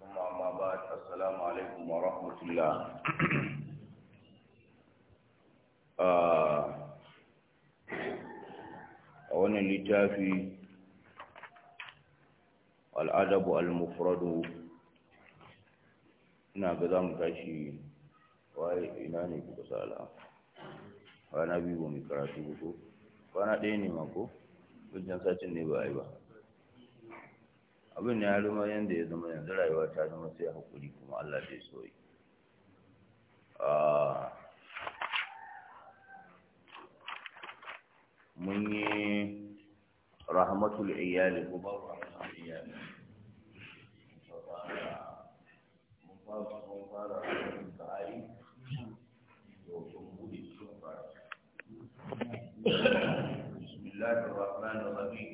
ثم أما بعد السلام عليكم ورحمة a wannan littafi al'adabu al-mufradu ina ga za mu tashi waye ina ne kuka sala kwana biyu ba karatu ko kwana ɗaya ne mako wajen satin ne ba a yi ba abin ya rima yanda ya zama yanzu rayuwa ta zama sai hakuri kuma Allah zai so yi mun yi rahmatul iyali ko babu rahmatul iyali mun fara mun fara tsari بسم الله الرحمن الرحيم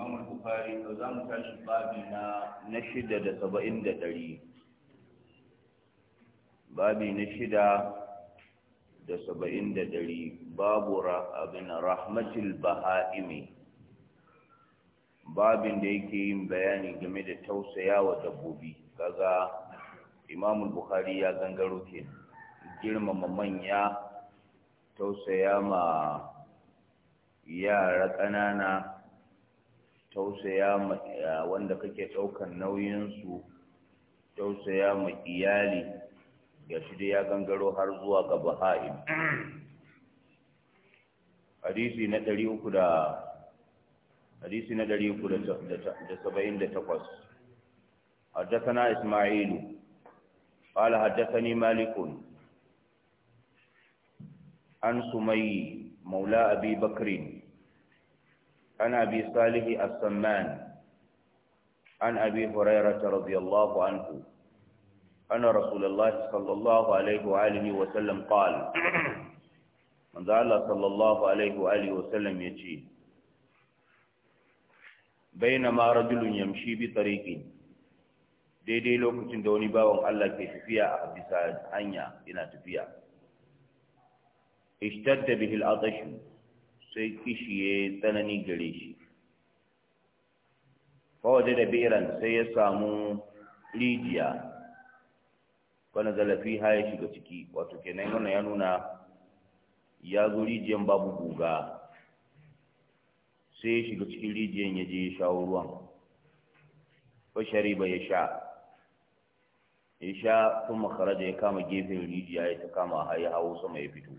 imam al-bukhari to za mu tashi babi na na shida da saba'in da ɗari babi na shida da saba'in da ɗari babu abin rahmatul baha'imi babin da yake yin bayani game da tausaya wa dabbobi kaga imam bukhari ya gangaro ke girmama manya tausaya ma yara ƙanana tausaya ma wanda kake ɗaukar nauyinsu tausaya ma iyali ya shi ya gangaro har zuwa ga baha'im hadisi na ɗari uku da hadisi na ɗari uku da saba'in da takwas حدثنا إسماعيل قال حدثني مالك عن سمي مولى أبي بكر عن أبي صالح السمان عن أبي هريرة رضي الله عنه أن رسول الله صلى الله عليه وآله وسلم قال من ذا الله صلى الله عليه وآله وسلم يجي بينما رجل يمشي بطريق daidai lokacin da wani bawan Allah ke tafiya a bisa hanya yana tafiya ishtadda bihi al-atashu sai kishi ya tsanani gare shi fawaje da beran sai ya samu rijiya wani zalafi ha ya shiga ciki wato kenan wannan ya nuna ya zo rijiyan babu guga sai ya shiga cikin rijiyan ya je ya shawo ruwan fashari ba ya sha ya sha sun makaraja ya kama gefen rijiya ya ta kama ya hawo sama ya fito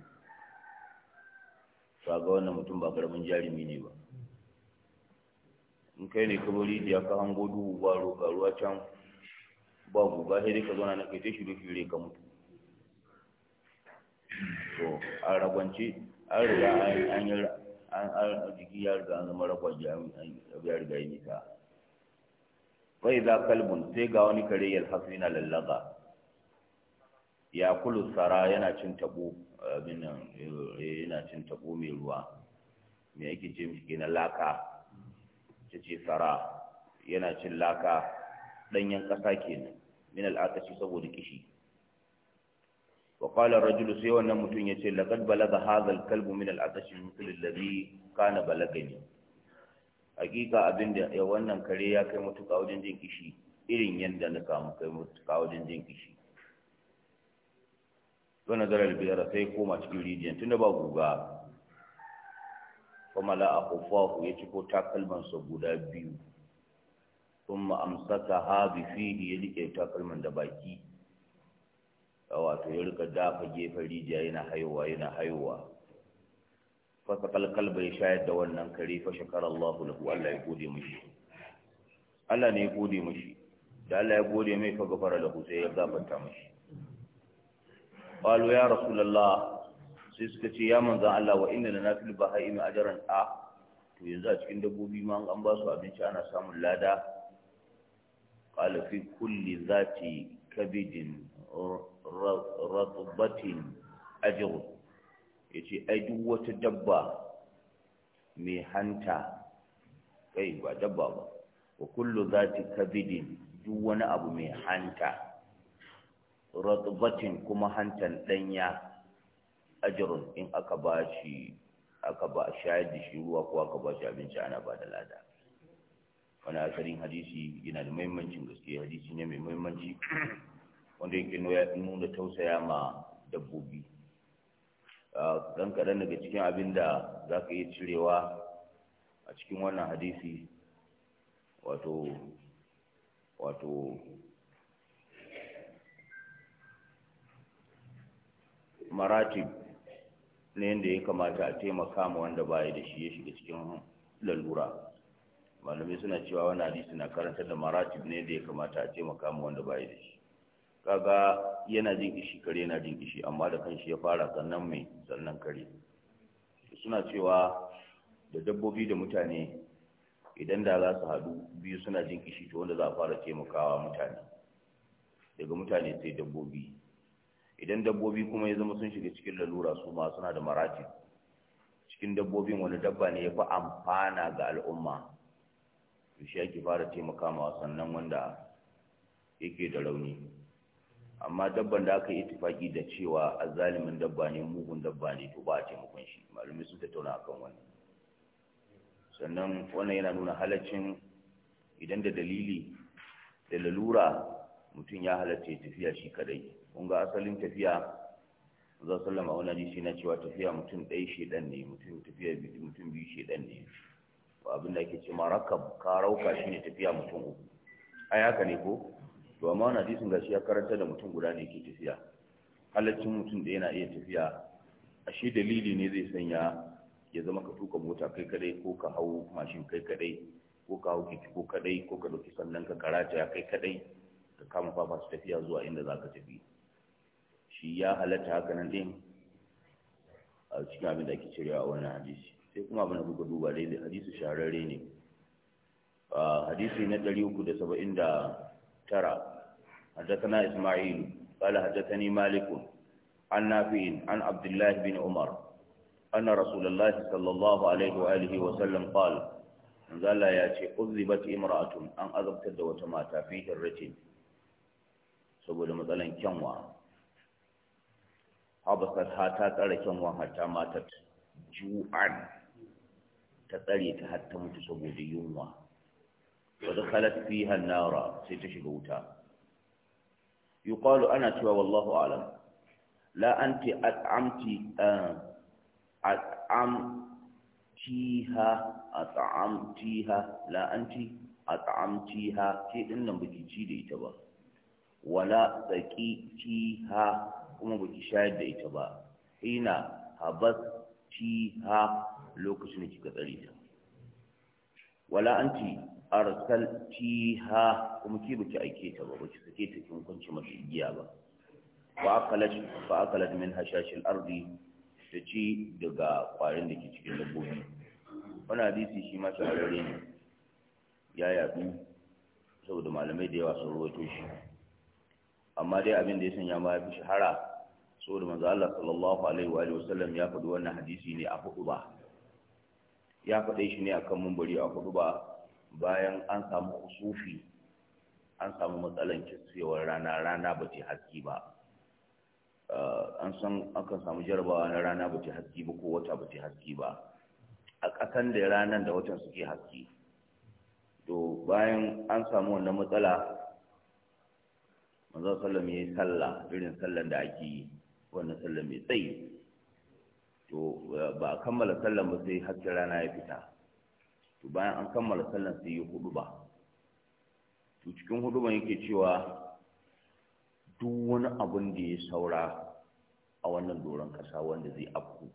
kaga wannan mutum ba karamin jarumi ne ba in kai ne da ya ka hango duhu ba roƙa ruwa can ba guga sai dai ka zauna na kai ta shirye shirye ka mutu to a ragwance an riga an yi an jiki ya riga an zama ragwaje ya riga ya nisa bai za kalbun sai ga wani kare yalhasu yana lallaga ya kulu tsara yana cin tabo abin yana eh, cin tabo mai ruwa mai yake ce mishi na laka ta ce fara yana cin laka ɗanyen ƙasa kenan min al'akashi saboda kishi wa qala rajulu sai wannan mutum ya ce, laqad balaga hadha kalbu min al-atashi mithl alladhi kana balagani hakika abinda ya wannan kare ya kai mutuka wajen jin kishi irin yanda na kamu kai mutuka wajen jin kishi wa nazarar biyar, sai koma cikin rijiyan tunda ba guga kuma la aqufahu ya ciko takalman sa guda biyu kuma amsaka ha bi fihi ya rike takalman da baki wato ya rika dafa gefen rijiya yana haihuwa yana haihuwa fasakal kalba ya shayar da wannan kare fa shakar Allah lahu Allah ya gode mishi Allah ne ya gode mishi da Allah ya gode mai fa gafara lahu sai ya gafarta mishi qalu ya rasulullah sai suka ce ya manzan Allah wa inda lana fil bahaim ajran a to yanzu a cikin dabbobi ma an ba su abinci ana samun lada qala fi kulli zati kabidin ratbatin ajru yace ai duk wata dabba mai hanta kai ba dabba ba duk wani abu mai hanta ratbatin kuma hantan danya ajrun in aka ba shi aka ba da shi ruwa ko aka ba shi abinci ana ba da lada wannan asarin hadisi yana da muhimmancin gaske hadisi ne mai muhimmanci wanda yake nuna tausaya ma dabbobi dan kaɗan daga cikin abin da za ka iya cirewa a cikin wannan hadisi wato wato maratib ne da ya kamata a taimaka ma wanda baya da shi ya shiga cikin lalura malamai suna cewa wani hadisi na karanta da maratib ne da ya kamata a taimaka ma wanda baya da shi kaga yana jin kishi kare yana jin kishi amma da kanshi ya fara sannan mai sannan kare suna cewa da dabbobi da mutane idan da za su haɗu biyu suna jin kishi to wanda za a fara taimakawa mutane daga mutane sai dabbobi idan dabbobi kuma ya zama sun shiga cikin lalura su ma suna da marati cikin dabbobin wani dabba ne ya fi amfana ga al'umma to shi ake fara taimaka ma sannan wanda yake da rauni amma dabban da aka yi tufaki da cewa azalimin dabba ne mugun dabba ne to ba a taimakon shi malumi sun tattauna akan wannan sannan wannan yana nuna halaccin idan da dalili da lalura mutum ya halatta ya tafiya shi kadai kun ga asalin tafiya za su lama wani hadisi na cewa tafiya mutum ɗaya shi ɗan ne mutum tafiya mutum biyu shi ɗan ne abin da ke ce ma rakab ka rauka ne tafiya mutum uku ai haka ne ko to amma wani hadisin gashi ya karanta da mutum guda ne ke tafiya halaccin mutum ɗaya na iya tafiya ashe dalili ne zai sanya ya zama ka tuka mota kai kaɗai, ko ka hau mashin kai kaɗai, ko ka hau kiki ko kadai ko ka ɗauki sannan ka ya kai kaɗai ka kama fafa su tafiya zuwa inda za ka tafi shi ya halatta haka nan a cikin abin da ake cire a wannan hadisi sai kuma abin da kuka duba dai hadisi shahararre ne hadisi na 379 حدثنا إسماعيل قال حدثني مالك عن نافع عن عبد الله بن عمر أن رسول الله صلى الله عليه وآله وسلم قال قال يا شيخ قذبت امرأة أن أذبت دوتماتا في هرة saboda matsalan kyanwa abasar ha ta tsara kyanwa har ta matar ju'an ta tsare ta har mutu saboda yunwa wadda khalat fi hannara sai ta shiga wuta yuqalu ana cewa wallahu alam la anti at'amti eh, at'amtiha at'amtiha la anti at'amtiha nan ci da ita ba wala tsaki ha! kuma ba ki shayar da ita ba ina habas ha lokacin da kika tsare ta wala anti arsal ha kuma ki baki aike ta ba baki sake ta kin kwanci mata igiya ba fa akalat fa akalat min hashashil ardi ta ci daga kwarin da ke cikin dabbobi wani hadisi shi ma shahararre ne ya yaɗu saboda malamai da yawa sun rawaito shi amma dai abin da ya sanya ma ya fi shahara da manzo Allah sallallahu alaihi wa sallam ya faɗi wannan hadisi ne a hudu ba ya faɗe shi ne akan mumbari a hudu ba bayan an samu kusufi an samu matsalan kisfewar rana rana ba ce haske ba eh, an san akan samu jarabawa na rana ba ce haske ba ko wata ba ce haske ba a ƙasan da ranar da watan suke haske to bayan an samu wannan matsala manzon sallam ya yi sallah irin sallan da ake yi wannan sallar mai tsayi to ba a kammala sallar ba sai hasken rana ya fita to bayan an kammala sallar sai ya hudu ba to cikin hudu ban yake cewa duk wani abun da ya saura a wannan doron kasa wanda zai afku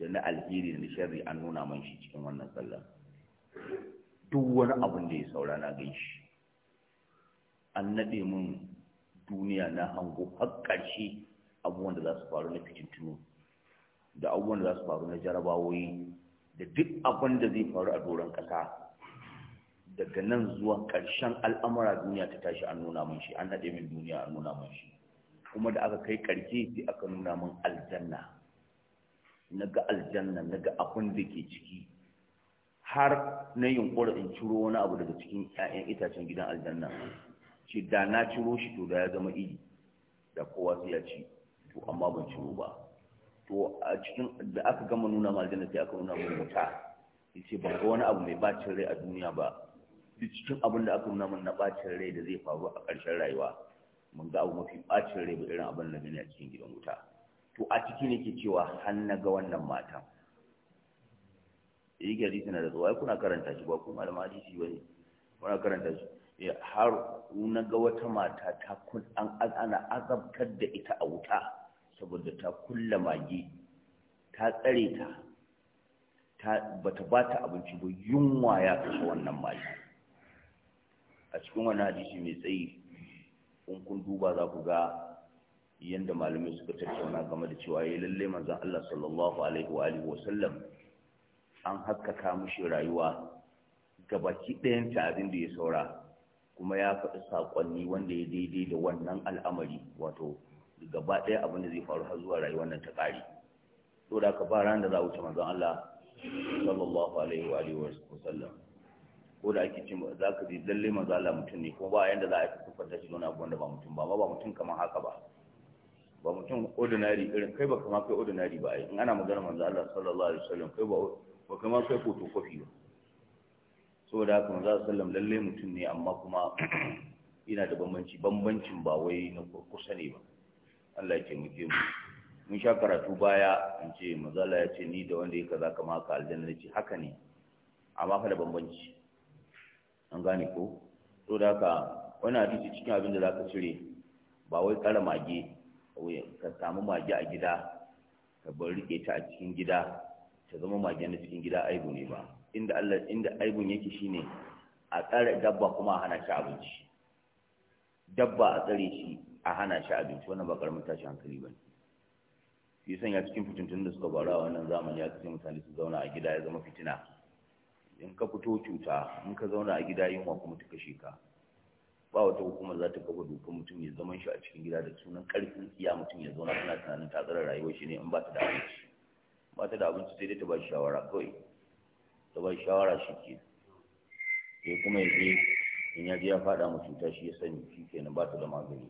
da na alheri da na sharri an nuna man shi cikin wannan sallar duk wani abun da ya saura na gan shi an naɗe mun duniya na hango har ƙarshe abubuwan da za su faru na fitintunu da abubuwan da za su faru na jarabawoyi da duk abin da zai faru a doron ƙasa daga nan zuwa ƙarshen al'amura duniya ta tashi an nuna mun shi an haɗe min duniya an nuna mun shi kuma da aka kai ƙarshe sai aka nuna mun aljanna na ga aljanna na ga abin da ke ciki har na yunƙura in ciro wani abu daga cikin 'ya'yan itacen gidan aljanna ce da na ciro shi to da ya zama iri da kowa sai ya ci to amma ban ciro ba to a cikin da aka gama nuna ma aljanna sai aka nuna mun wuta yace ban ga wani abu mai bacin rai a duniya ba duk cikin abin da aka nuna mun na bacin rai da zai faru a ƙarshen rayuwa mun ga abu mafi bacin rai ba irin abin da gani a cikin gidan wuta to a ciki ne ke cewa har na ga wannan matan yi gari tana da tsawai kuna karanta shi ba kuma almajiji ba ne kuna karanta shi har na ga wata mata ta kun an ana azabtar da ita a wuta saboda ta kulla mage ta tsare ta ta bata bata abinci ba yunwa ya kashe wannan mage a cikin wani hadisi mai tsayi in kun duba za ku ga yadda malamai suka tattauna game da cewa ya eh, lalle manzon Allah sallallahu alaihi wa sallam an haskaka mushi rayuwa gabaki ɗayan ta abin da ya saura kuma ya faɗi saƙonni wanda ya daidai da wannan al'amari wato gaba ɗaya abin da zai faru har zuwa rayuwar nan ta ƙari to da ka ba ran da za a wuce manzon Allah sallallahu alaihi wa alihi wasallam sallam ko da ake cin za ka ji lalle manzon Allah mutum ne kuma ba yanda za a yi da shi wani abu da ba mutum ba ba mutum kamar haka ba ba mutum ordinary irin kai ba kamar kai ordinary ba in ana magana manzon Allah sallallahu alaihi wa sallam kai ba ba kamar kai photocopy ba saboda haka manzo sallam lalle mutum ne amma kuma yana da bambanci bambancin ba wai na kurkusa ne ba Allah ya taimake mu mun sha karatu baya in ce mazala ya ce ni da wanda ya kaza kama ka aljanna ne ce haka ne amma fa da bambanci an gane ko to da haka wani hadisi cikin abin da za ka cire ba wai kara mage ka samu mage a gida ka bar rike ta a cikin gida ta zama mage na cikin gida aibu ne ba inda Allah inda aibun yake shine a tsare dabba kuma a hana shi abinci dabba a tsare shi a hana shi abinci wannan ba karamin tashi hankali ba shi sanya cikin fitintun da suka bara wannan zamani ya kace mutane su zauna a gida ya zama fitina in ka fito cuta in ka zauna a gida yunwa kuma ta kashe ka ba wata hukumar za ta kafa dokar mutum ya zaman shi a cikin gida da sunan karfin iya mutum ya zauna tana tunanin ta rayuwar shi ne in ba ta da abinci ba ta da abinci sai dai ta ba shawara kawai da shawara shi ke sai kuma ya je in ya je ya faɗa mu cuta shi ya sani shi ke ba ta da magani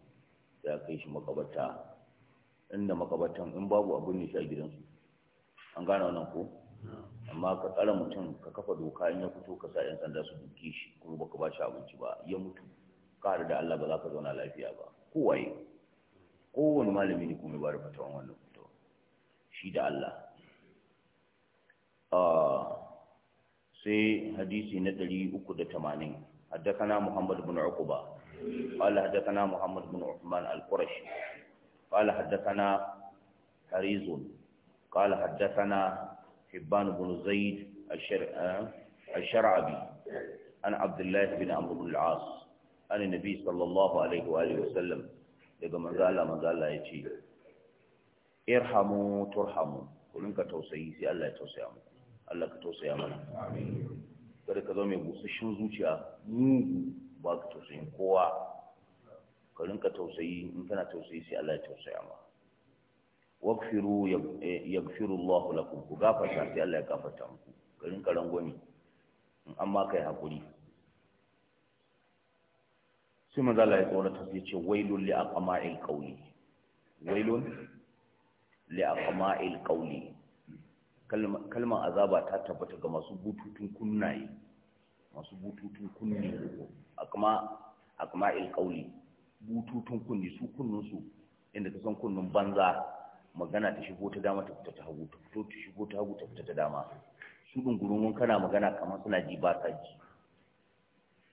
ya kai shi makabata inda makabatan in babu abin ne shi a gidansu an gane wannan ko amma ka tsara mutum ka kafa doka in ya fito ka sa yan sanda su duke shi kuma baka ba shi abinci ba ya mutu ka da Allah ba za ka zauna lafiya ba kowaye kowane malami ne kuma ba da fatawan wannan fito shi da Allah ah, sai hadisi na ɗari uku da tamanin. haddathana Muhammad bin Uqba qala haddathana Muhammad bin Uthman al-Qurashi qala haddathana Hariz qala haddathana Hibban bin Zaid الشرعبي eh, An عبد bin بن عمرو بن العاص عن النبي صلى الله عليه واله وسلم daga manzo Allah manzo Allah ya ce irhamu turhamu ku rinka tausayi sai Allah ya tausaya muku Allah ka tausaya mana kada ka zo mai busasshen zuciya mugu ba ka tausayin kowa ka rinka tausayi in kana tausayi sai Allah ya tausaya ma waghfiru eh, yaghfiru Allah lakum ku gafarta sai Allah ya gafarta muku ka rinka rangwani in amma kai hakuri sai manzo Allah ya tsorata sai ce wailul li aqma'il qawli wailun li aqma'il qawli kalmar azaba ta tabbata ga masu bututun kunnaye masu bututun kunni a kuma ilkauli bututun kunni su kunnun su inda ta san kunnun banza magana ta shigo ta dama ta fita ta hagu ta fito ta shigo ta hagu ta fita ta dama su dungurun kana magana kamar suna ji ba ta ji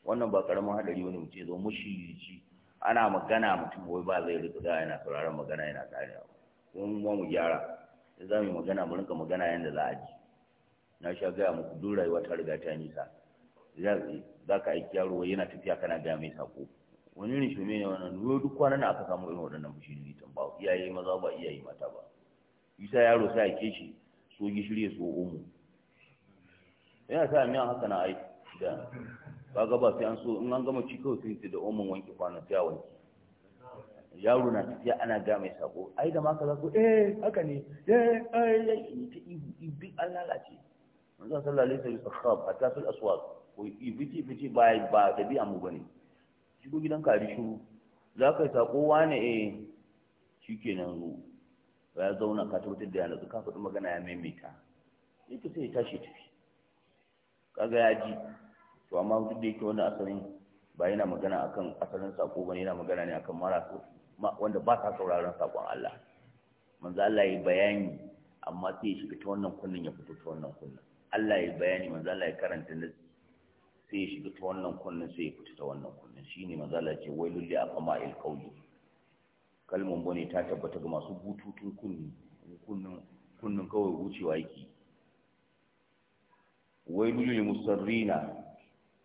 wannan ba karamin hadari wani mutum zo mushi ana magana mutum wai ba zai rika yana sauraron magana yana tsarewa kun mu gyara da za mu magana mu rinka magana yadda za a ji na sha gaya muku duk rayuwa ta riga ta nisa za ka aiki yaro yana tafiya kana gaya mai sako wani ne shi ne wannan ruwa duk na aka samu irin waɗannan ne, tun ba iyaye maza ba iyaye mata ba isa yaro sai ake shi so gishiri ya so omo yana sa miyan haka na aiki da ba ga ba sai an so in an gama ci kawai sai da omon wanke kwana, sai a wanke yaro na tafiya ana ga mai sako ai da ma kaza ko eh haka ne eh ai ta ihu ibi an lalace manzo sallallahu alaihi wasallam sakhab hatta fil aswaq ko ti ibi ba ba da bi amu bane go gidan ka shiru za ka yi sako wane eh shikenan Ba ya zauna ka tabbatar da yanzu ka faɗi magana ya maimaita yake sai ya tashi tafi kaga ya ji to amma duk da yake wannan asalin ba yana magana akan asalin sako ba yana magana ne akan marasu wanda ba sa sauraron sakon Allah manzo Allah ya bayani amma sai ya shiga ta wannan kunnin ya fito ta wannan kunnin Allah ya bayani manzo Allah ya karanta nasi sai ya shiga ta wannan kunnin sai ya fito ta wannan kunnin shine manzo Allah ce wailul li aqma'il qawli kalmun bane ta tabbata ga masu bututun kunni kunnin kunnin kawai wucewa yake wailul lil musarrina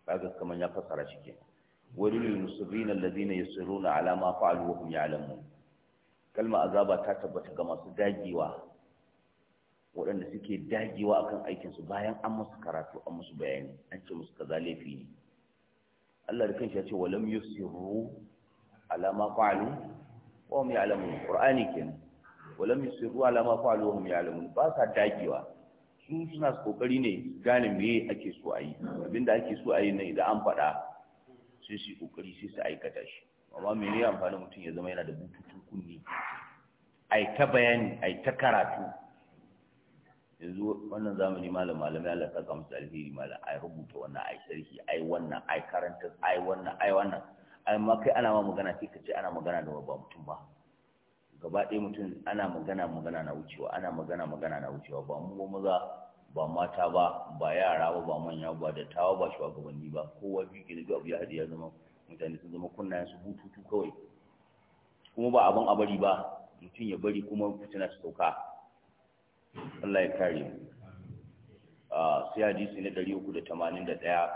kaga kaman ya fasara shi kenan walil musrifin alladhina yusirruna ala ma fa'alu wa ya alamu. kalma azaba ta tabbata ga masu dagewa waɗanda suke dagewa akan aikin su bayan an musu karatu an musu bayani an ce musu kaza laifi ne Allah da kanshi ya ce walam yusirru ala ma fa'alu wa hum ya'lamun qur'ani kenan walam yusirru ala ma fa'alu wa ya alamu. ba sa dagewa su suna kokari ne gane me ake so a yi abinda ake so a yi ne da an faɗa sai su yi kokari sai su aikata shi amma me ne amfani mutum ya zama yana da bututun kunni ai ta bayani ai ta karatu yanzu wannan zamani malam malamai Allah saka musu alheri malam ai rubuta wannan ai sarki ai wannan ai karanta ai wannan ai wannan amma kai ana ma magana sai ka ce ana magana da babban mutum ba gaba ɗaya mutum ana magana magana na wucewa ana magana magana na wucewa ba mu ba maza ba mata ba ba yara ba ba manya ba da tawa ba shugabanni ba kowa biyu ga abu ya haɗu ya zama mutane sun zama kunnayen su bututu kawai kuma ba abin a bari ba mutum ya bari kuma fitina su sauka Allah ya kare mu sai hadisi na 381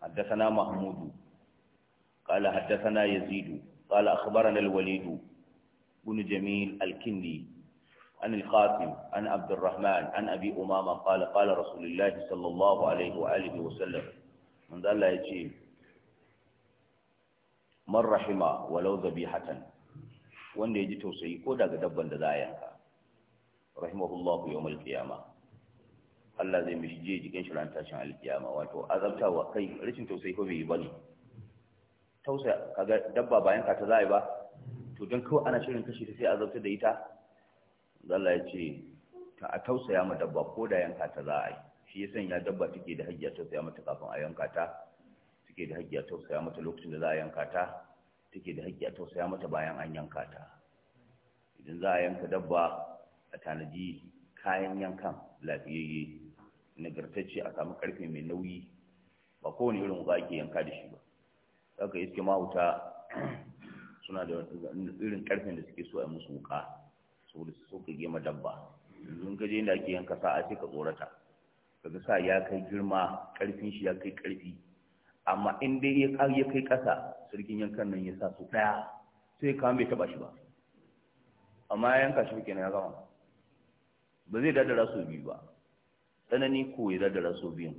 haddathana mahmudu qala haddathana yazid qala akhbarana a walid ibn jamil al عن القاسم عن عبد الرحمن عن أبي أمامة قال قال رسول الله صلى الله عليه وآله وسلم من ذا لا يجيب من رحم ولو ذبيحة وان يجي توسعي كودا قدبا لذايا رحمه الله يوم القيامة Allah zai mishi je jikin shi tashin alkiyama wato azabtawa kai rashin tausayi ko bai bane tausa kaga dabba bayan ka ta zai ba to don kawai ana shirin kashi ta sai azabta da ita Allah ya ce ta a tausaya ma dabba ko da yanka ta za a yi shi ya sanya dabba take da hajjiya tausaya mata kafin a yanka ta take da hajjiya tausaya mata lokacin da za a yanka ta take da hajjiya tausaya mata bayan an yanka ta idan za a yanka dabba a tanaji kayan yankan lafiyayye nagartacce a samu karfe mai nauyi ba kowane irin wuka ake yanka da shi ba zaka iske mahauta suna da irin karfin da suke so a musu wuka saboda su ka gema dabba yanzu ka je inda ake yanka sa'a sai ka tsorata kaga sa ya kai girma karfin shi ya kai karfi amma in dai ya kai ya kasa sarkin yankan nan ya sa su daya sai ka bai taba shi ba amma ya yanka shi kenan ya gama ba zai dadara so biyu ba tsanani ko ya dadara so biyun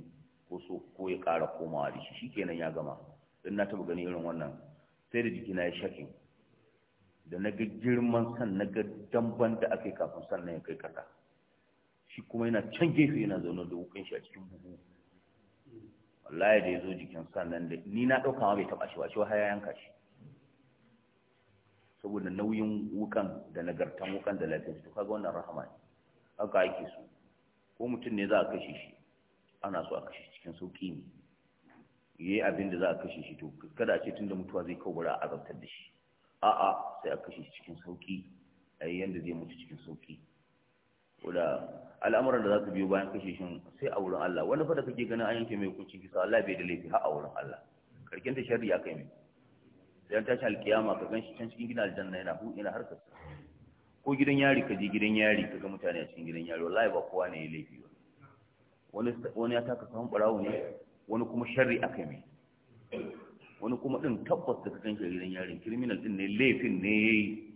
ko so ko ya kara komawa da shi shikenan ya gama dan na taba gani irin wannan sai da jikina ya shakin da na ga girman san na ga damban da aka yi kafin sannan ya kai kasa shi kuma yana can gefe yana zaune da wukan shi a cikin buhu wallahi da ya zo jikin sannan da ni na ɗauka ma bai taɓa shi ba shi ya yanka shi saboda nauyin wukan da nagartan wukan da lafiyar su kaga wannan rahama ne haka ake so ko mutum ne za a kashe shi ana so a kashe cikin sauƙi ne yayi abin da za a kashe shi to kada a ce tunda mutuwa zai kawo a azabtar da shi a'a sai a kashe cikin sauki a yi yadda zai mutu cikin sauki wadda al'amuran da za su biyo bayan kashe shi sai a wurin Allah wani fada kake ganin an yanke mai hukuncin kisa Allah bai da laifi har a wurin Allah karkin ta shari'a kai mai sai an tashi alkiyama ka ganshi can cikin gidan aljanna yana hu yana harkar ko gidan yari ka je gidan yari ka ga mutane a cikin gidan yari wallahi ba kowa ne ya laifi ba wani wani ya taka sahun barawo ne wani kuma shari'a kai mai wani kuma ɗin tabbas da kasan shi gidan yarin criminal ɗin ne laifin ne ya yi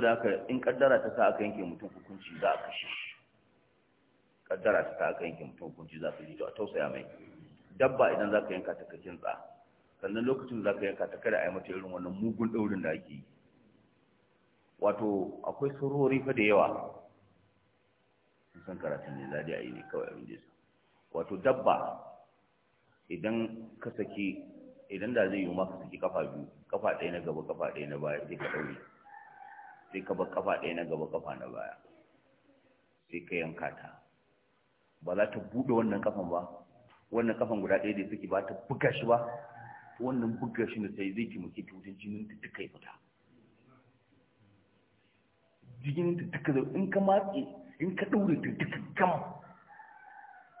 da haka in kaddara ta sa aka yanke mutum hukunci za a kashe shi kaddara ta sa aka yanke mutum hukunci za a kashe To a tausaya mai dabba idan za ka yanka ta kakin tsa sannan lokacin da za ka yanka ta kada a yi mata irin wannan mugun ɗaurin da ake yi wato akwai surori fa da yawa san karatun ne zadi a yi ne kawai abin da wato dabba idan ka saki idan da zai yi maka saki kafa biyu kafa ɗaya na gaba kafa ɗaya na baya sai ka ɗaure sai ka bar kafa ɗaya na gaba kafa na baya sai ka yanka ta ba za ta buɗe wannan kafan ba wannan kafan guda ɗaya da suke ba ta buga shi ba wannan buga shi na sai zai taimake ta wajen jinin ta duka ya fita jinin ta duka zai in ka matse in ka ɗaure ta duka gam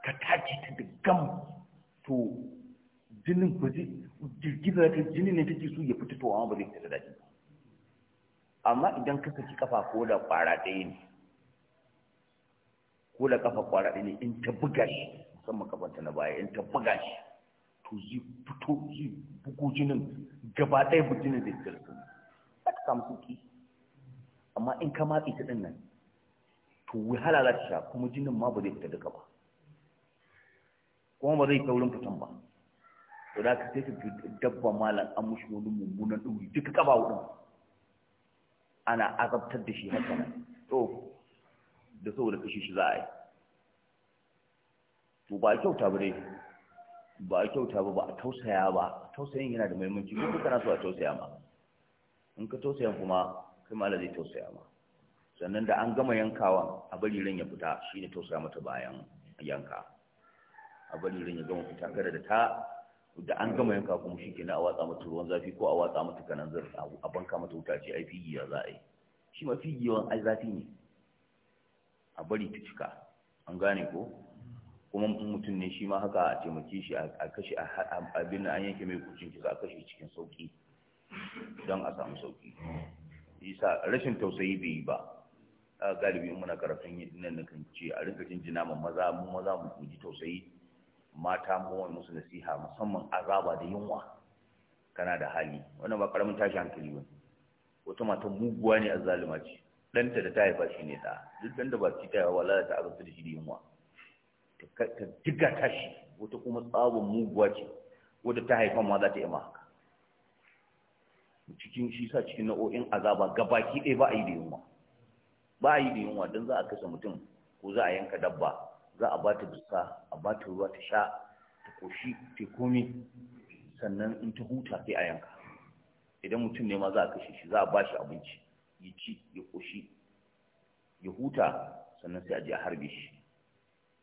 ka tace ta duka gam to jinin ku ji girgiza ta jini ne take so ya fita to amma ba zai fita da ba amma idan ka saki kafa ko da ƙwara ɗaya ne ko da kafa ƙwara ɗaya ne in ta buga shi musamman kafanta na baya in ta buga shi to zai fito zai bugu jinin gaba ɗaya bu jinin zai fita da za ta samu sauki amma in ka matsi ta ɗin nan to wahala za ta sha kuma jinin ma ba zai fita duka ba kuma ba zai kaurin fitan ba to da ka sai ka dabba malam an mushi wani mummunan ɗuri duka kaba hudun ana azabtar da shi haka nan to da saboda kashe shi za a yi to ba a kyauta ba dai ba a kyauta ba ba a tausaya ba tausayin yana da muhimmanci ko kana so a tausaya ma in ka tausaya kuma kai ma zai tausaya ma sannan da an gama yankawa a bari ran ya fita shine tausaya mata bayan yanka a bari ran ya gama fita kada da ta da an gama yanka kuma shi kenan a watsa mata ruwan zafi ko a watsa mata kanan zar a banka mata wuta ce ai figiya za a yi shi ma figiyawan ai zafi ne a bari ta cika an gane ko kuma mutum ne shi ma haka a taimake shi a kashe abin da an yanke mai kucin kisa a kashe cikin sauki don a samu sauki isa rashin tausayi bai yi ba galibi muna karatun nan na kan ce a rikicin jin jina maza mu maza mu ji tausayi mata mu wani musu nasiha musamman azaba da yunwa kana da hali wannan ba karamin tashi hankali ba wata mata muguwa ne azzalima ce danta da ta haifa shi ne da duk da ba ci ta wala ta azabta da shi da yunwa ta diga tashi wata kuma tsabon muguwa ce wadda ta haifa ma za ta yi ma haka cikin shi sa cikin nau'o'in azaba gabaki ɗaya ba a yi da yunwa ba a yi da yunwa don za a kashe mutum ko za a yanka dabba za a ba ta dusa a ba ta ruwa ta sha ta koshi ta komi sannan in ta huta sai a yanka idan mutum ne ma za a kashe shi za a ba shi abinci ya ci ya koshi ya huta sannan sai a je a harbe shi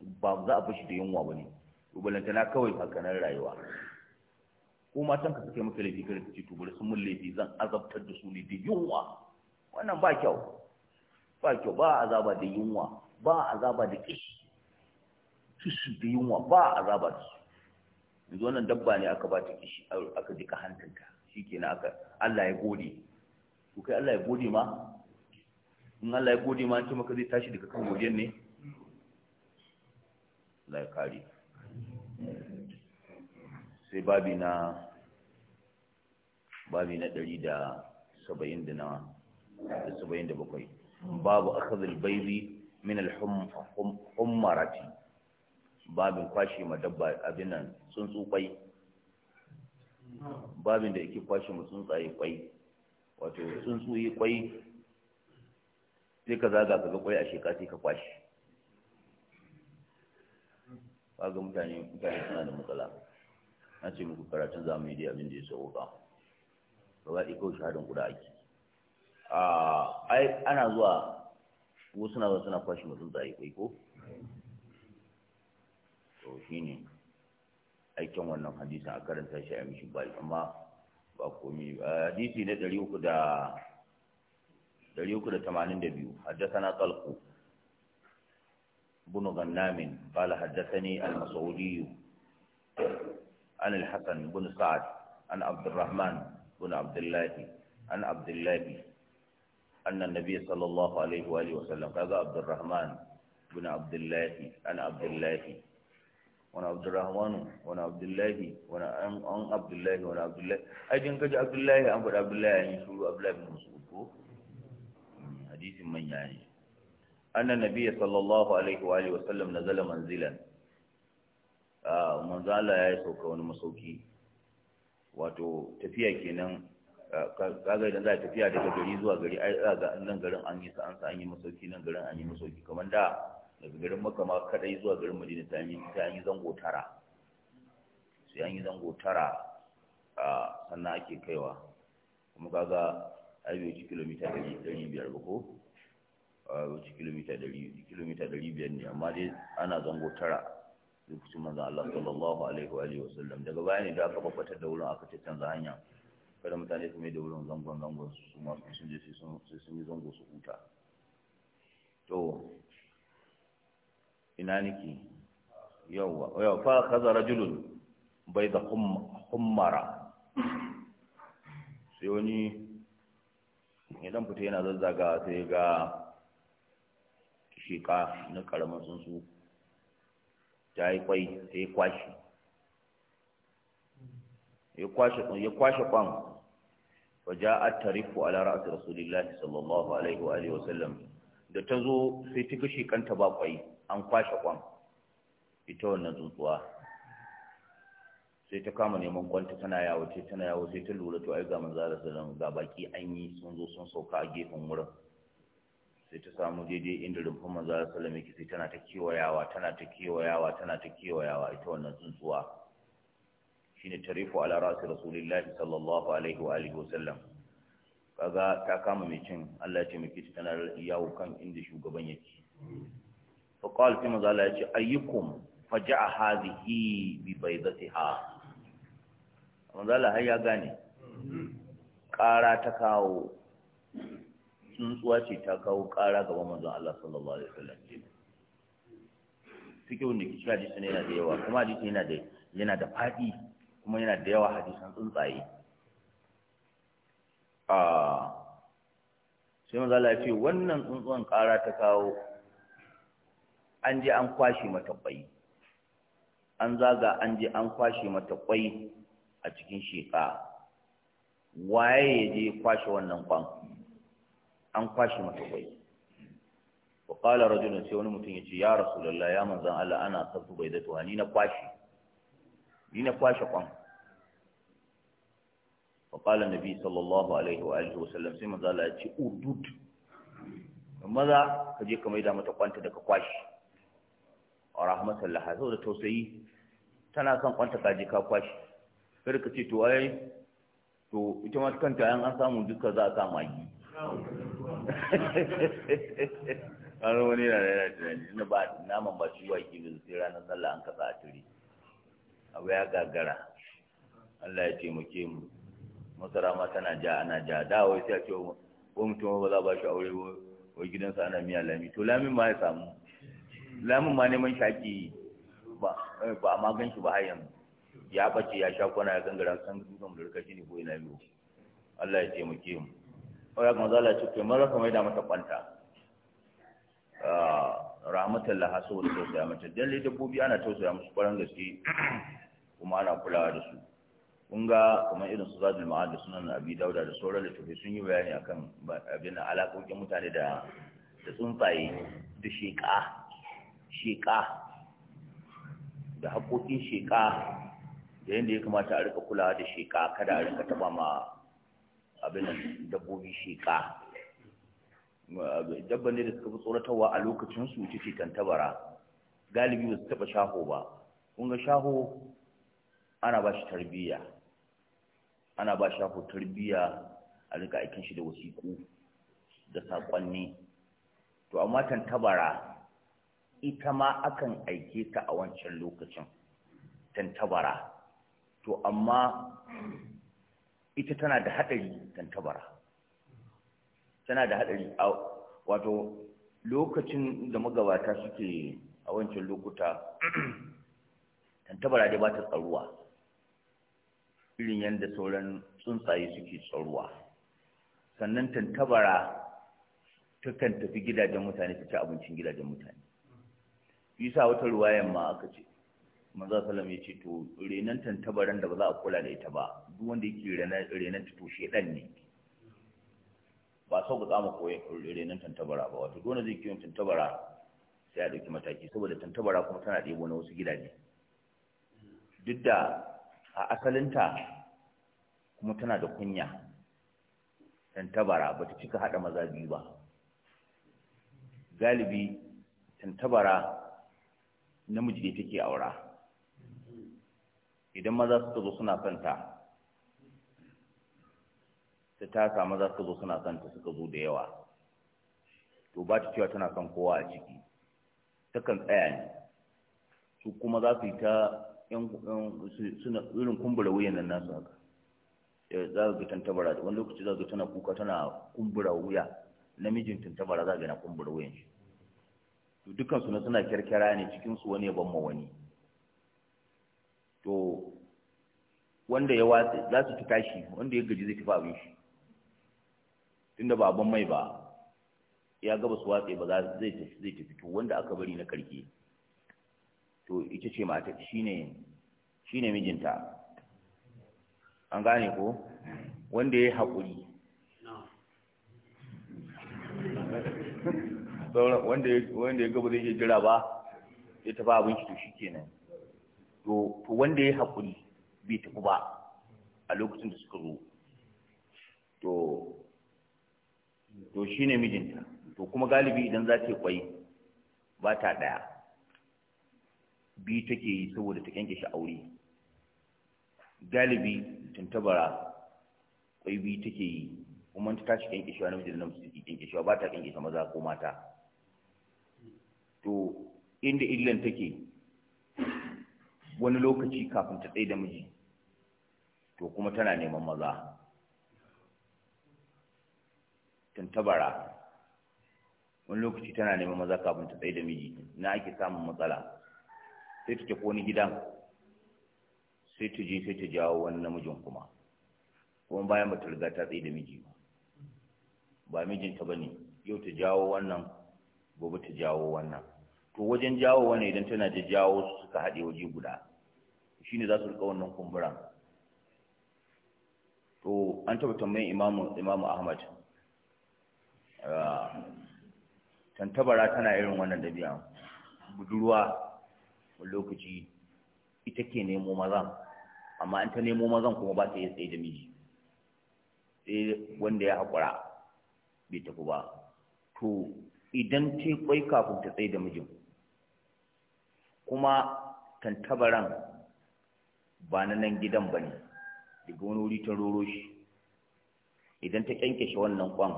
ba za a bashi da yunwa ba ne rubalantana kawai hakanar rayuwa ko matan ka suke maka laifi kada ka ce tubar sun mun laifi zan azabtar da su ne da yunwa wannan ba kyau ba kyau ba azaba da yunwa ba azaba da kishi kishi da yunwa ba azaba da su yanzu wannan dabba ne aka ba ta kishi aka jika hantanta shi kenan aka Allah ya gode ko kai Allah ya gode ma in Allah ya gode ma ce maka zai tashi daga kan godiyar ne Allah ya kare sai babi na babi na ɗari da saba'in da na da saba'in da bakwai babu akazul baizi min al-hummarati babin kwashe ma dabba abin nan tsuntsu kwai babin da yake kwashe ma tsuntsaye kwai wato tsuntsu yi kwai sai ka zaga ka ga kwai a sheka sai ka kwashe kaga mutane mutane suna da matsala na ce muku karatun zamani dai abin da ya sauka Ba ɗaya kawai shahadin kuda ake ah, ai ana zuwa wasu na zuwa suna kwashe mutum tsaye kwai ko to shi ne aikin wannan hadisin a karanta shi a mishi bai amma ba komi hadisi na 382 haddasana talku bunu gannamin bala haddasani al-masauriyu an al-hasan bin sa'ad an abdurrahman bin abdullahi an abdullahi أن النبي صلى الله عليه وآله وسلم قال عبد الرحمن بن عبد الله أنا wani abdurrahmanu wani abdullahi wani an abdullahi wani abdullahi aikin kaji abdullahi an faɗi abdullahi an yi shuru abdullahi bin musu ko hmm, hadisin manya ne anna nabiya sallallahu alaihi wa alihi wa sallam zala manzilan ah manzo Allah ya sauka wani masauki wato tafiya kenan ah, kaga idan za a tafiya daga gari zuwa gari ai za ga nan garin an yi sa'ansa an yi masauki nan garin an yi masauki kamar da daga garin maka ma kadai zuwa garin madina ta yi ta yi zango tara sai yi zango tara a sannan ake kaiwa kuma kaga ai bai ci kilomita ɗari biyar ba ko wuce kilomita ɗari kilomita ɗari biyar ne amma dai ana zango tara lokacin maza Allah sallallahu alaihi wa alihi wasallam daga baya ne da aka babbatar da wurin aka ce canza hanya kada mutane su mai da wurin zangon zangon su ma sun je sai sun yi zango su huta ina nake yau fa kaza rajulun bai da hummara sai wani idan fita yana zazzaga sai ga shika na karamin tsuntsu ta yi kwai sai ya kwashe ya kwashe kwan ya kwashe kwan waja'at tarifu ala ra'asar rasulillahi sallallahu alaihi wa sallam da ta zo sai ta gashi shikanta ba kwai an kwashe kwan ita wannan tsuntsuwa sai ta kama neman kwanta tana yawo ce tana yawo sai ta lura to ai ga manzo da sallan ga baki an yi sun zo sun sauka a gefen wurin sai ta samu daidai inda rumfin manzo da sallan yake sai tana ta kewayawa tana ta kewayawa tana ta kewayawa ita wannan tsuntsuwa shine tarifu ala ra'si rasulillahi sallallahu alaihi wa alihi wasallam kaga ta kama mai cin Allah ya ce kici tana yawo kan inda shugaban yake fa qala sai manzo Allah ya ce ayyukum faja'a hadhihi bi baydatiha manzo Allah har ya gane ƙara ta kawo tsuntsuwa ce ta kawo ƙara gaban manzon Allah sallallahu alaihi wasallam cikin wanda kishi hadisi ne yana da yawa kuma hadisi yana yana da faɗi kuma yana da yawa hadisan tsuntsaye a sai manzo Allah ya ce wannan tsuntsuwan ƙara ta kawo an je an kwashe mata kwai an zaga an je an kwashe mata kwai a cikin sheƙa waye ya je kwashe wannan kwan an kwashe mata kwai wa qala rajulun sai wani mutum ya ce ya rasulullah ya manzan Allah ana sabtu baidatuha ni na kwashe ni na kwashe kwan wa qala nabi sallallahu alaihi wa alihi wasallam sai manzan Allah ya ce urdud maza ka je ka maida mata kwanta daga kwashe wa rahmatan laha da tausayi tana son kwanta kaji ka kwashi kada ka ce to ai to ita ma kanta yan an samu duka za a sa magi an wani yana da yana tunani ina ba naman ba shi wa kibin sai ranar sallah an kasa a turi abu ya gagara Allah ya taimake mu masara ma tana ja ana ja da wai sai a ce ko mutum ba za ba shi aure wa gidansa ana miya lami to lamin ma ya samu lamun ma neman shaki eh, ba a ma gan shi ba har yanzu ya bace ya sha kwana ya gangara san dutsen bulurka shi ne ko ina biyu Allah ya taimake mu o ya kuma zala cikin mara kuma da mata kwanta ah, rahmatan laha saboda tausaya mata dalle dabbobi ana tausaya musu kwaran gaske kuma ana kulawa da su kun ga kamar irin su zadul ma'ad da sunan abi dauda da sauran littafi sun yi bayani akan abin alaƙoƙin mutane da da tsuntsaye da sheƙa sheƙa da haƙoƙin sheƙa da yadda ya kamata a rika kula da sheƙa kada a rika taɓa ma abin dabbobi sheƙa dabban ne da suka fi tsoratarwa a lokacin su ita ce tantabara galibi ba su taɓa shaho ba kun ga shaho ana ba shi tarbiyya ana ba shaho tarbiyya a rika aikin shi da wasiƙu da saƙonni to amma tantabara ita ma akan aike ta a wancan lokacin tantabara to amma ita tana da haɗari tantabara tana da haɗari a wato lokacin da magabata suke a wancan lokuta tantabara dai ba ta tsaruwa irin yadda sauran tsuntsaye suke tsaruwa sannan tantabara takan tafi gidajen mutane ta ci abincin gidajen mutane shi sa wata ruwayan ma aka ce manzo sallam ya ce to renan tantabaran da ba za a kula da ita ba duk wanda yake renan renan ta to shedan ne ba sau ka kama koyi renan tantabara ba wato dole zai kiyon tantabara sai a dauki mataki saboda tantabara kuma tana ɗebo na wasu gidaje duk da a asalinta kuma tana da kunya tantabara ba ta cika haɗa maza biyu ba galibi tantabara namiji ne take aura idan maza suka zo suna santa ta taka maza suka zo suna santa suka zo da yawa to ba ta cewa tana son kowa a ciki takan tsaya ne su kuma za su yi ta suna irin kumbura wuyan nan nasu haka eh, za ga tantabara wani lokaci za ga tana kuka tana kumbura wuya namijin tantabara za ga na kumbura wuyan shi to dukkan su na suna kirkira ne cikin su wani ban ma wani to wanda ya watsa, za su tuka shi wanda ya gaji zai tafi abin shi tunda ba ban mai ba ya gaba su watsi ba za zai tafi zai tafi to wanda aka bari na karke to ita ce mata shine shine mijinta an gane ko wanda ya haƙuri wanda ya gaba zai iya jira ba ya tafi abin shi to shi kenan to wanda ya haƙuri bai tafi ba a lokacin da suka zo to shi ne mijinta to kuma galibi idan za ta yi kwai ba ta ɗaya ta take yi saboda ta kyanke shi aure galibi tuntabara kwai ta take yi kuma ta tashi kyanke shi wani mijin namiji take kyanke shi ba ta kyanke shi maza ko mata to inda illan take wani lokaci kafin ta tsaye da miji to kuma tana neman maza tuntabara wani lokaci tana neman maza kafin ta tsaye da miji na ake samun matsala sai ta tafi wani gidan sai ta je sai ta jawo wani namijin kuma kuma bayan bata riga ta tsaye da miji ba ba mijinta ba ne yau ta jawo wannan gobe ta jawo wannan to wajen jawo wani idan tana da jawo su suka haɗe waje guda shi ne za su rika wannan kumburan to an taɓa tambayin imamu imamu ahmad ah, tantabara tana irin wannan dabi'a budurwa lokaci ita ke nemo mazan amma in ta nemo mazan kuma ba ta yi tsaye da miji sai wanda ya haƙura bai tafi ba to idan ta kwai kafin ta tsaye da mijin kuma tantabaran ba na nan gidan ba ne daga wani wuri ta roro shi idan ta shi wannan kwan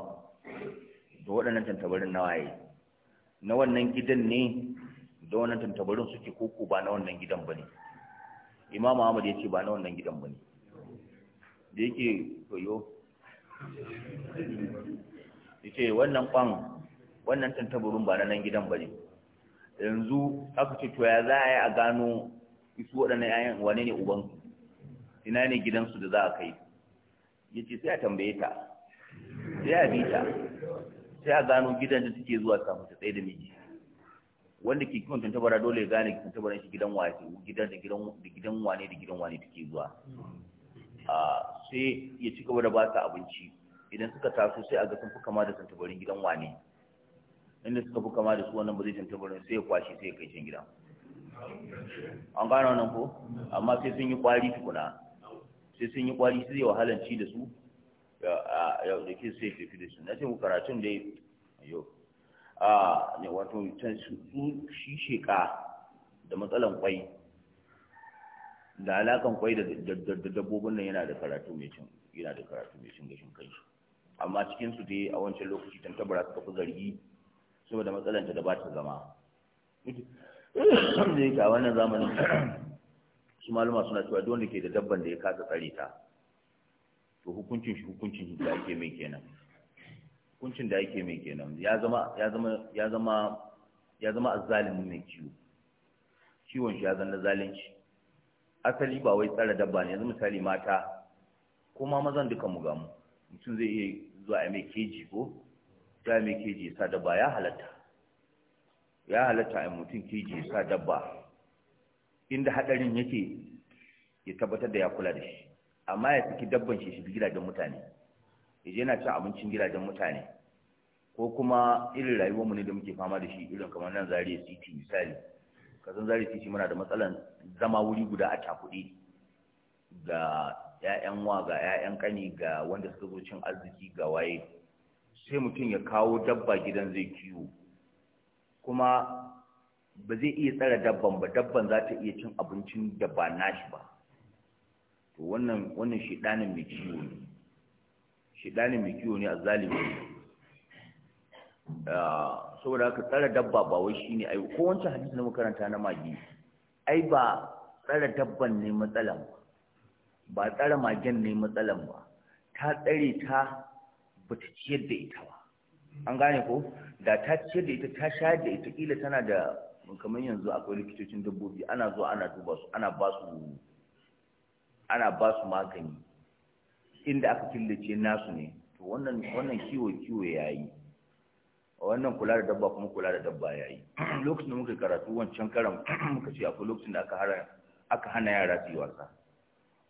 da waɗannan tantabarin na waye na wannan gidan ne da wannan tantabarin suke koko ba na wannan gidan ba ne imam ahmad ya ce ba na wannan gidan ba ne da yake koyo ya ce wannan kwan wannan tantabarin ba na nan gidan ba ne yanzu aka ce to ya za a yi a gano isu waɗannan yayan wane ne ubansu ina ne gidansu da za a kai ya ce sai a tambaye ta sai a bi ta sai a gano gidan da suke zuwa samun ta tsaye da miji wanda ke kiwon tantabara dole ya gane kiwon tantabara shi gidan wace gidan da gidan da gidan wane da gidan wane take zuwa sai ya ci gaba da ba ta abinci idan suka taso sai a ga sun fi kama da tantabarin gidan wane inda suka fi kama da su wannan ba zai tanta barin sai ya kwashi sai ya kai cikin gida an gano nan ko amma sai sun yi kwari tukuna sai sun yi kwari sai wahalan ci da su ya da ke sai tafi da su na ce mu karatun dai. yau a ne wato can su shi sheka da matsalan kwai da alakan kwai da dabbobin nan yana da karatu mai cin yana da karatu mai cin gashin kai amma cikin su dai a wancan lokaci tantabara suka fi zargi saboda matsalar ta da ba ta zama da yake a wannan zamanin su maluma suna cewa duk wanda ke da dabban da ya kasa tsare ta to hukuncin shi hukuncin da ake mai kenan hukuncin da ake mai kenan ya zama ya zama ya zama ya zama azzalimin mai kiwo kiwon shi ya zama zalunci asali ba wai tsara dabba ne yanzu misali mata ko ma mazan duka mu mu mutum zai iya zuwa a mai keji ko ta mai keji sa dabba ya halatta ya halatta a mutum keji sa dabba inda hadarin yake ya tabbatar da ya kula da shi amma ya saki dabban shi shi gidajen mutane ya je yana cin abincin gidajen mutane ko kuma irin rayuwar mu ne da muke fama da shi irin kamar nan zariya city misali kasan zariya city muna da matsalan zama wuri guda a cakuɗi ga 'ya'yan wa ga 'ya'yan kani ga wanda suka zo cin arziki ga waye sai mutum ya kawo dabba gidan zai kiwo kuma ba zai iya tsara dabban ba dabban za ta iya cin abincin da ba nashi ba to wannan wannan shedanin mai kiwo ne shedanin mai kiwo ne a zalimi ah, saboda haka tsara dabba ba wai shine ai ko wancan hadisi na makaranta na magi ai ba tsara dabban ne matsalan ba ba tsara magen ne matsalan ba ta tsare ta ba ta ciyar da ita ba an gane ko da ta ciyar da ita ta shayar da ita kila tana da kamar yanzu akwai likitocin dabbobi ana zuwa ana duba su ana ba su ana ba su magani inda aka killace nasu ne to wannan wannan kiwo kiwo yayi wannan kula da dabba kuma kula da dabba yayi lokacin da muka karatu wancan karan muka ce akwai lokacin da aka hana aka hana yara su yi wasa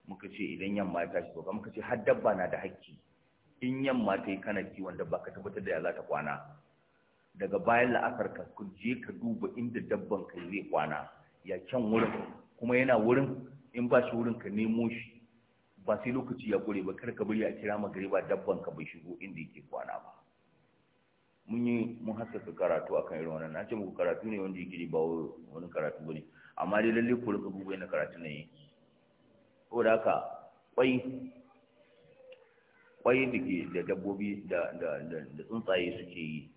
muka ce idan yamma ya tashi to muka ce har dabba na da hakki in yamma ta yi kana kiwon dabba ka tabbatar da ya za ta kwana daga bayan la'asar ka je ka duba inda dabban ka zai kwana ya kyan wurin kuma yana wurin in ba shi wurin ka nemo shi ba sai lokaci ya gure ba kar ka bari a kira ba dabban ka bai shigo inda yake kwana ba mun yi mun haskaka karatu akan irin wannan na ce muku karatu ne wanda yake ba wani karatu bane amma dai lalle ku rika duba yana karatu ne saboda haka kwai kwai da ke da dabbobi da tsuntsaye suke yi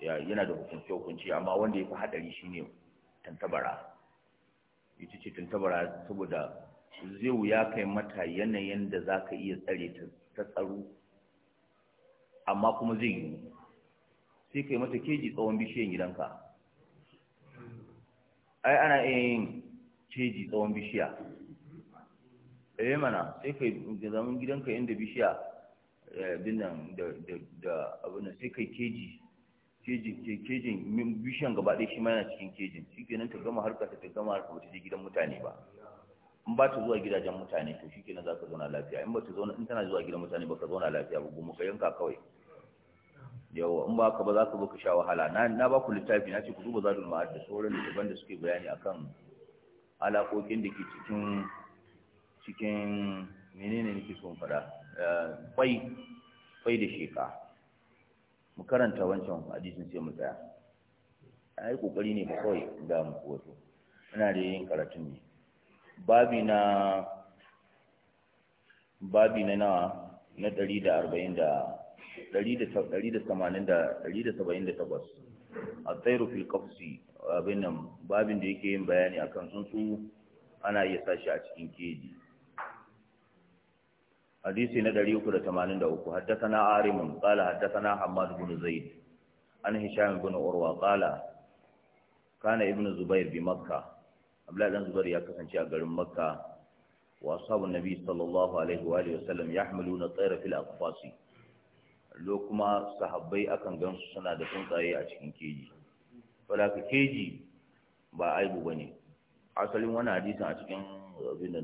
yana da hukunce hukunce amma wanda ya fi haɗari ne, tantabara ita ce tantabara saboda zai wuya kai mata yanayin da za ka iya tsare ta tsaro amma kuma zai yi sai kai mata keji tsawon bishiyan gidanka ai ana iya yin keji tsawon bishiya eh mana sai kai zaman gidanka inda bishiya Eh, binan da abin sai kai keji kejin bishiyan gaba ɗaya shi ma yana cikin kejin shi kenan ta gama harka ta gama harka wata je gidan mutane ba in ba ta zuwa gidajen mutane to shi kenan za ka zauna lafiya in ba ta zauna in tana zuwa gidan mutane ba ka zauna lafiya ba gumu ka yanka kawai yawa in ba ka ba za ka zo ka sha wahala na ba ku littafi na ce ku duba zadun ma'ad da sauran littafan da suke bayani akan alaƙoƙin da ke cikin cikin menene nake son faɗa kwai kwai da sheka mu karanta wancan hadisin sai mu tsaya ai kokari ne ba kawai ga mu wato ina da yin karatun ne babi na babi na nawa na 140 da 178 at-tayru fil qafsi abin nan babin da yake yin bayani akan tsuntsu ana iya sashi a cikin keji حديث ندري كل ثمانين دوك حدثنا عارم قال حدثنا حماد بن زيد عن هشام بن عروة قال كان ابن زبير بمكة قبل أن زبير يكسن شيئا قال مكة وأصحاب النبي صلى الله عليه وآله وسلم يحملون الطير في الأقفاص لو كما صحابي أكن جنس سنة دفن طير أشكين كيجي فلاك كيجي ba aibu bane asalin wani hadisin a cikin abin da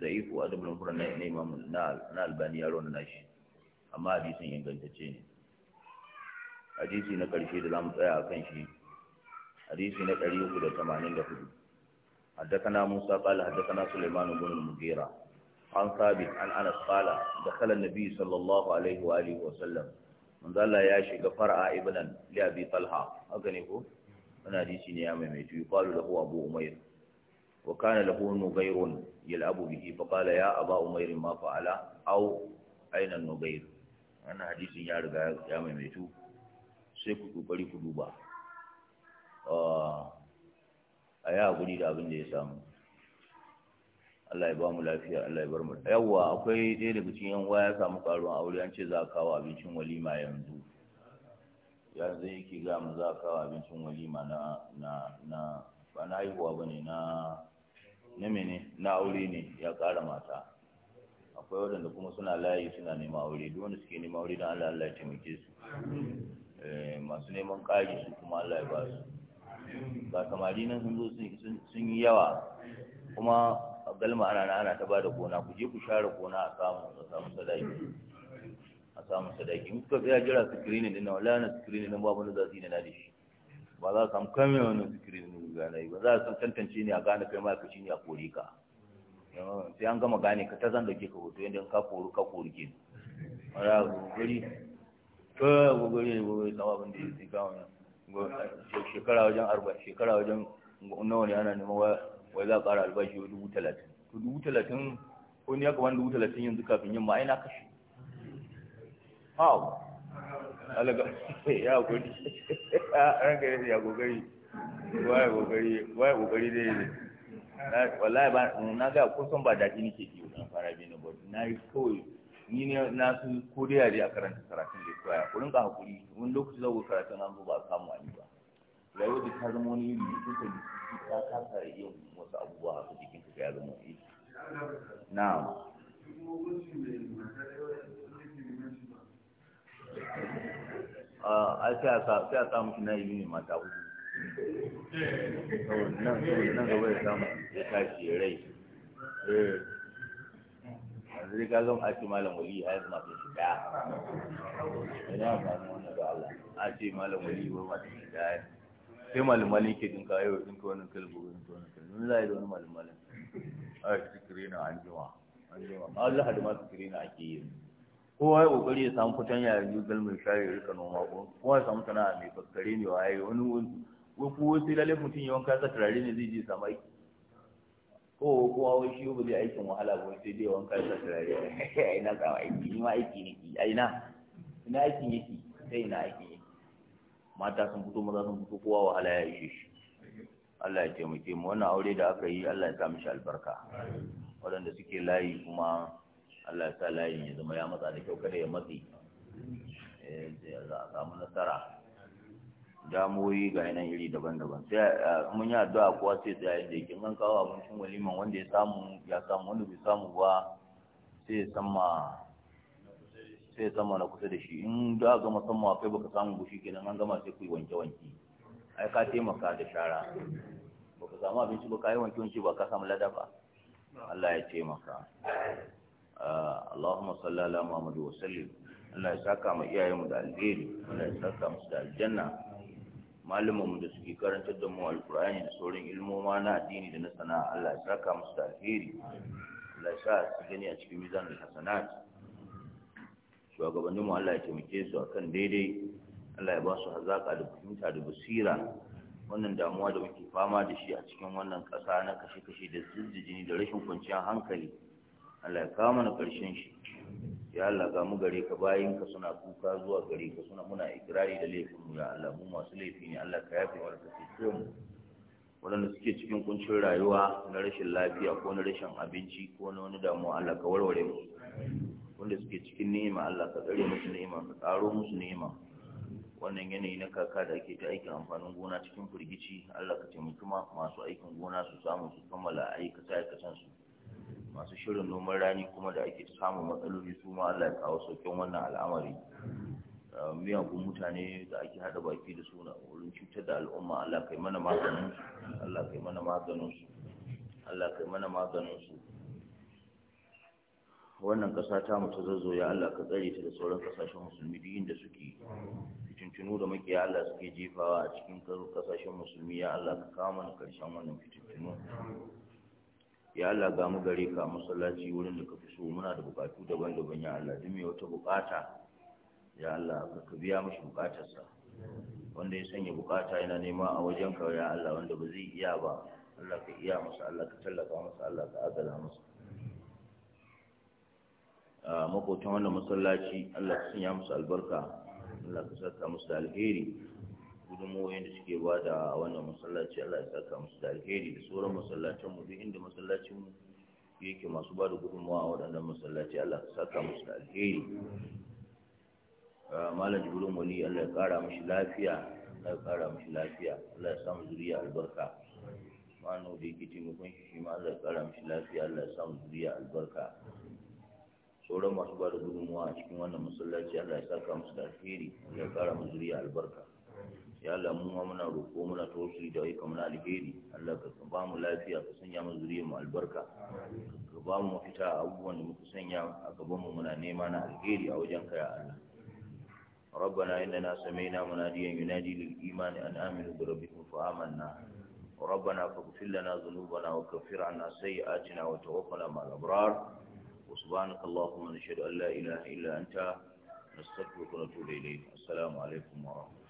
da iko a dabbin kuran na imam na albani yaro na nashi amma hadisin ingantacce ne hadisi na ƙarshe da zamu tsaya a kan shi hadisi na 384 haddaka na musa ƙala haddaka na suleiman ibn mugera an sabit an ƙala da kalan nabi sallallahu alaihi wa alihi wa sallam manzo ya shiga far'a ibnan li abi talha haka ne ko wannan hadisi ne ya maimaitu yuqalu lahu abu umayr وكان له نبير يلعب به فقال يا أبا أمير ما فعل أو أين النبير أنا حديث يا رجاء يا ميتو سيكو كبري كدوبا a yi haƙuri da abin da ya samu Allah ya ba mu lafiya Allah ya bar mu yawwa akwai ɗaya daga cikin yan waya ya samu karuwan aure an ce za a kawo abincin walima yanzu yanzu yake ga mu za a kawo abincin walima na na na ba na haihuwa bane na na mene na aure ne ya ƙara mata akwai waɗanda kuma suna layi suna neman aure duk wanda suke neman aure don Allah Allah ya taimake su eh, masu neman ƙari su kuma Allah ya ba su ba samari nan sun zo sun yi yawa kuma galma ana na ana ta ba da gona ku je ku share gona a samu a samu sadaki a samu sadaki muka tsaya jira screening din na wala na screening din babu na zasu yi na da shi ba za a samu kame wani zikiri ne gane ba za a san tantance ne a gane kai ma kashi ne a kore ka sai an gama gane ka ta zan dauke ka hoto yadda ka kori ka kori ke ara gogori ka gogori ne gogori sama abin da ya sai kawo shekara wajen arba shekara wajen nawa ne ana neman wai za a ƙara albashi dubu talatin to dubu talatin ko ni ya kamar dubu talatin yanzu kafin yin ma'aina kashi. Hau, alaga ah, ya kokari an gare ya kokari waya kokari waya kokari dai ne wallahi ba na ga kusan ba daɗi nake ji wannan fara bi na ba na yi kawai ni ne na su koriya dai a karanta karatun da koya ku rinka hakuri wani lokaci za ku karatun an zo ba a samu an ba rayuwar da ta zama wani yin da kuka ta kasa yin wasu abubuwa haka jikin ka ya zama wani na'am a ah, sai a samu shi na yi ne mata hudu nan gaba ya samu ya tashi ya rai eh. yanzu dai ka gama ake malam wali a yanzu masu shi daya yana samu wannan da Allah a ce malam wali wai masu shi daya sai malumali ke dinka yau dinka wani kalbu wani kalbu wani za a yi da wani malumalin a shi kirina an jima an jima Allah da masu kirina ake yi kowa ya kokari ya samu kutan ya yi galmin share ya rika noma ko kowa ya samu sana'a mai fakkare ne wa yayi wani wani ko sai lalle mutum yawan kasa turare ne zai je samu aiki ko kowa wai shi ba zai aikin wahala ba sai dai yawan kasa turare ne. na samu aiki ni ma aiki ne ki A na ina aikin yake sai ina aiki ne mata sun fito maza sun fito kowa wahala ya yi shi Allah ya taimake mu wannan aure da aka yi Allah ya sa mishi albarka waɗanda suke layi kuma Allah ya sa layin ya zama ya matsa da kyau kada ya matsi eh, za a samu nasara damoyi ga yanayin iri daban-daban sai mun yi addu'a kuwa sai tsaya da yake N'an kawo abincin waliman wanda ya samu ya samu wanda bai samu ba sai sama sai sama na kusa da shi in da ga musamman kai baka samu gushi kenan an gama sai ku yi wanke-wanke ai ka taimaka da shara baka samu abinci ba ka yi wanke-wanke ba ka samu lada ba Allah ya taimaka Allahumma salli ala Muhammad wa sallim Allah ya saka mu iyayenmu da alheri Allah ya saka mu da aljanna malumanmu da suke karantar da mu alkur'ani da sauran ilmoma na addini da na sana'a Allah ya saka musu da alheri Allah ya sa su gani a cikin mizanul hasanat shugabannin mu Allah ya taimake su akan daidai Allah ya basu su hazaka da fahimta da basira wannan damuwa da muke fama da shi a cikin wannan ƙasa na kashe-kashe da jini da rashin kwanciyar hankali Allah ya kawo mana ƙarshen shi ya Allah ga mu gare ka bayin ka suna kuka zuwa gare ka suna muna ikirari da laifin mu ya Allah mu masu laifi ne Allah ka yafe wa ka tsare mu wadanda suke cikin kuncin rayuwa na rashin lafiya ko na rashin abinci ko na wani damuwa Allah ka warware mu wanda suke cikin ni'ima Allah ka tsare musu ni'ima ka tsaro musu ni'ima wannan yanayi na kaka da ake ta aikin amfanin gona cikin firgici Allah ka taimaki masu aikin gona su samu su kammala aikata aikatan su masu shirin noman rani kuma da ake samun matsaloli su ma Allah ya kawo sauƙin wannan al'amari ah, miyagun mutane da ake haɗa baki da suna wurin cutar da al'umma Allah kai mana maganin su Allah kai mana maganin su Allah kai mana maganin su wannan ƙasa ta mutu zazzo ya Allah ka tsare ta da sauran ƙasashen musulmi duk inda suke fitintunu da makiya Allah suke jefawa a cikin ƙasashen musulmi ya Allah ka kawo mana ƙarshen wannan fitintunu ya Allah ga mu gare ka masallaci wurin da ka fi so muna da bukatu daban-daban ya Allah duk mai wata bukata ya Allah ka biya mashi bukatarsa wanda ya sanya bukata yana nema a wajen ka ya Allah wanda ba zai iya ba Allah ka iya masa Allah ka tallafa masa Allah ka azala masa makotan wannan masallaci Allah ka sanya masa albarka Allah ka saka masa alheri gudunmawoyin da suke ba da wannan masallaci Allah ya saka musu da alheri da sauran masallacin mu duk inda masallacin mu yake masu ba da a waɗannan masallaci Allah ya saka musu da alheri ah, malam jibrin wali Allah ya kara mishi lafiya Allah ya kara mishi lafiya Allah ya samu zuriya albarka mano da yake taimakon shi shi ma Allah ya kara mishi lafiya Allah ya samu zuriya albarka sauran masu ba da gudunmawa a cikin wannan masallaci Allah ya saka musu da alheri Allah ya kara musu zuriya albarka ya Allah mu ma muna roƙo muna tosu da ayyuka muna alheri Allah ka ba mu lafiya ka sanya mu zuriya mu albarka ka ba mu mafita a abubuwan da muka sanya a gaban mu muna nema na alheri a wajen ka ya Allah ربنا إننا سمينا مناديا ينادي للإيمان أن آمنوا بربكم فآمنا ربنا فاغفر لنا ذنوبنا وكفر عنا سيئاتنا وتوفنا مع الأبرار وسبحانك اللهم نشهد أن لا إله إلا أنت نستغفرك ونتوب إليك السلام عليكم ورحمة الله